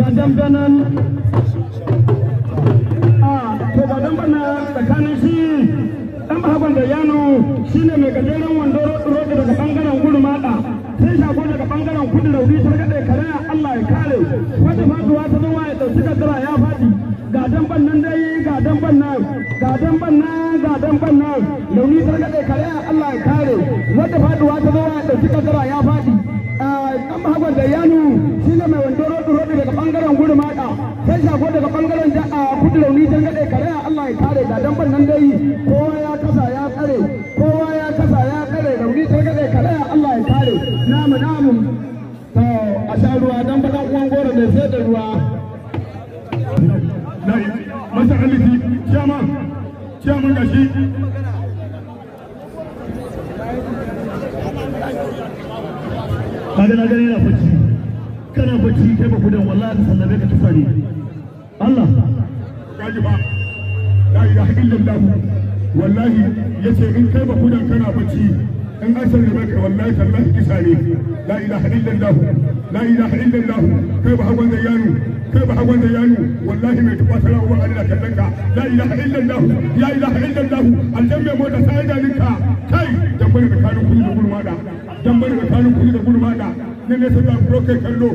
ga dambanan a ah, to ga dambana tsakanin shi dan bahagon da yano shine mai gajeren wando roƙi daga bangaren gudu maɗa sai shago daga bangaren kudu rauni targaɗe kare Allah ya kare wata faduwa ta zama ya ɗauki kadara ya faɗi gadan damban nan dai gadan damban nan ga damban nan ga damban nan rauni targaɗe kare Allah ya kare wata faduwa ta zama ya ɗauki kadara ya faɗi dan mahabar da yanu shi ne mai wando rodu rodu daga bangaren gudu mada sai shago daga bangaren da a kudu rauni dan gade kare Allah ya kare da dan nan dai kowa ya kasa ya tsare kowa ya kasa ya tsare rauni dan gade kare Allah ya kare namu namu to a sha ruwa dan bakan uwan goro mai sai da ruwa masa alifi chairman chairman gashi gana gana yana bacci kana bacci kai ba kudan wallahi ka sallame ka kisa ne Allah kaji ba la ilaha illallah wallahi yace in kai ba kudan kana bacci in an sallame ka wallahi tallahi kisa ne la ilaha illallah la ilaha illallah kai ba hawan zayyanu kai ba hawan zayyanu wallahi mai tuba sara uwa Allah kallon ka la ilaha illallah ya ilaha illallah aljanna mota sai da ninka kai da kai ka kanu kullu gurmada dan bari tsakanin kudu da gurmada ne nesa da buro kai kallo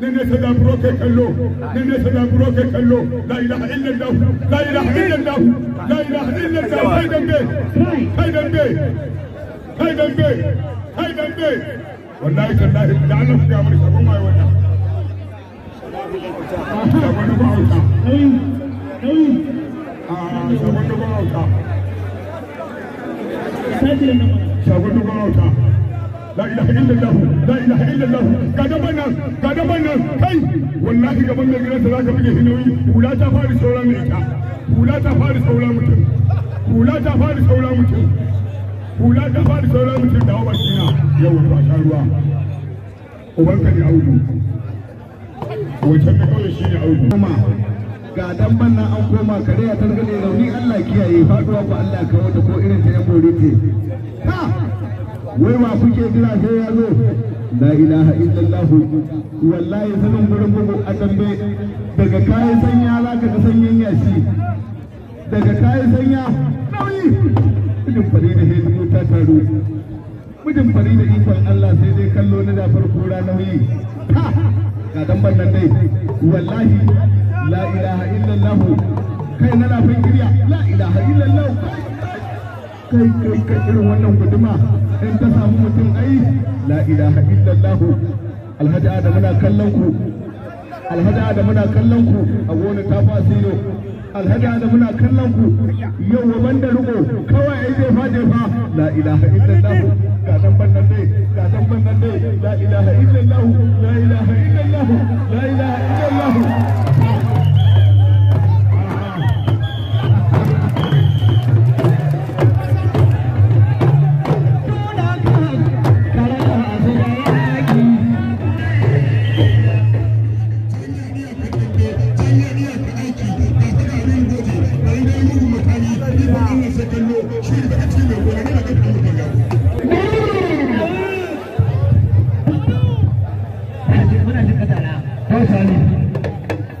ne nesa da buro kai kallo ne nesa da buro kai kallo la ilaha illallah la ilaha illallah la ilaha illallah kai dambe kai dambe kai dambe kai dambe wallahi tallahi da Allah ku ga mun mai ah, wannan la ilaha illallah la ilaha illallah ga daban nan ga daban nan kai wallahi gaban mai gidansa za ka buge hinoyi hula ta fara mai ita hula ta fara sauran mutum hula ta fara saura mutum hula ta fara mutum da kina yau ba ta ruwa ne audu wancan da kawai shi ne audu ga dan an koma kare ya targade rauni Allah kiyaye faduwa ba Allah kawo da ko irin ta ya bore ta wai ma kuke kira sai ya zo la ilaha illallah wallahi sanin gurin bugu a dambe daga kayan sanya za ka ga sanyin yashi daga kayan sanya nauyi mijin fari da hedimu ta taru mijin fari da ikon Allah sai dai kallo na da farko nauyi ga ban nan dai wallahi la ilaha illallah kai na lafin kirya la ilaha illallah kai kai kai irin wannan guduma in ta samu mutum ai la ilaha illallah alhaji adam muna kallon ku alhaji adam muna kallon ku a gona ta fasiro alhaji adam muna kallon ku yau wa banda riko kawai ai zai faje fa la ilaha illallah ga dan bannan dai ga dan bannan dai la ilaha illallah la ilaha illallah la ilaha illallah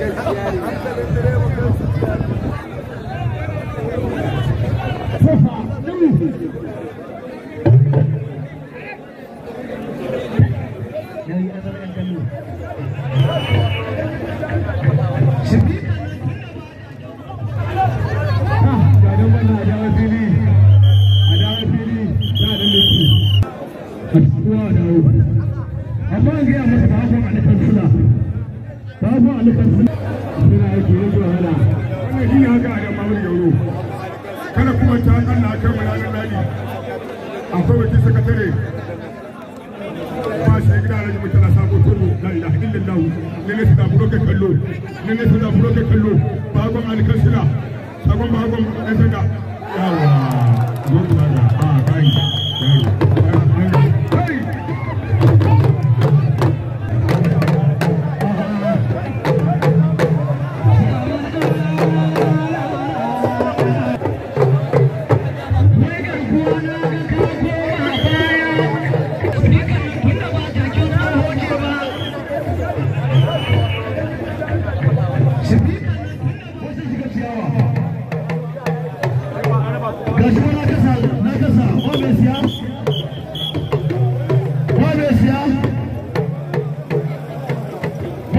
Thank you. la ilaha illallah nene sida buroke kallo nene sida buroke kallo bagon alkansila sagon bagon ɗan saka yawa zo ku ba a kai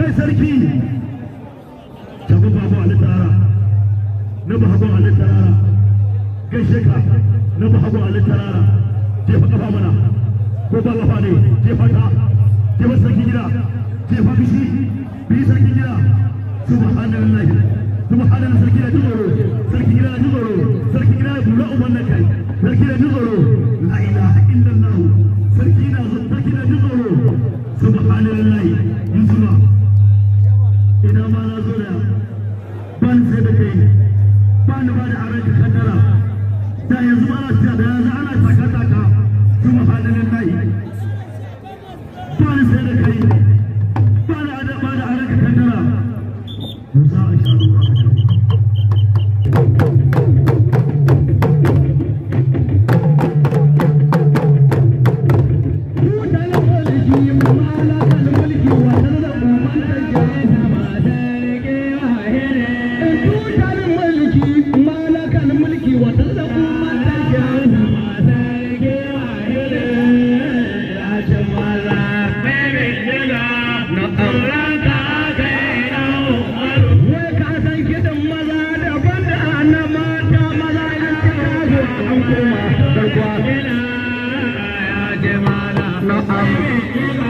kai sarki shagun babu a littara na babu a littara gaishe ka na babu a littara jefa kafa mana ko ba kafa ne jefa ta jefa sarki gida jefa bishi bi sarki gida subhanallahi subhanallahi sarki gida jigoro sarki gida jigoro sarki gida bula umman nan kai sarki gida jigoro la ilaha illallah sarki gida sarki gida jigoro subhanallahi yusufa ina ma na zo da ban sai da ban da ba da aran ka kaddara da yanzu ana ta da yanzu ana ta kaddara kuma halin an koma farko na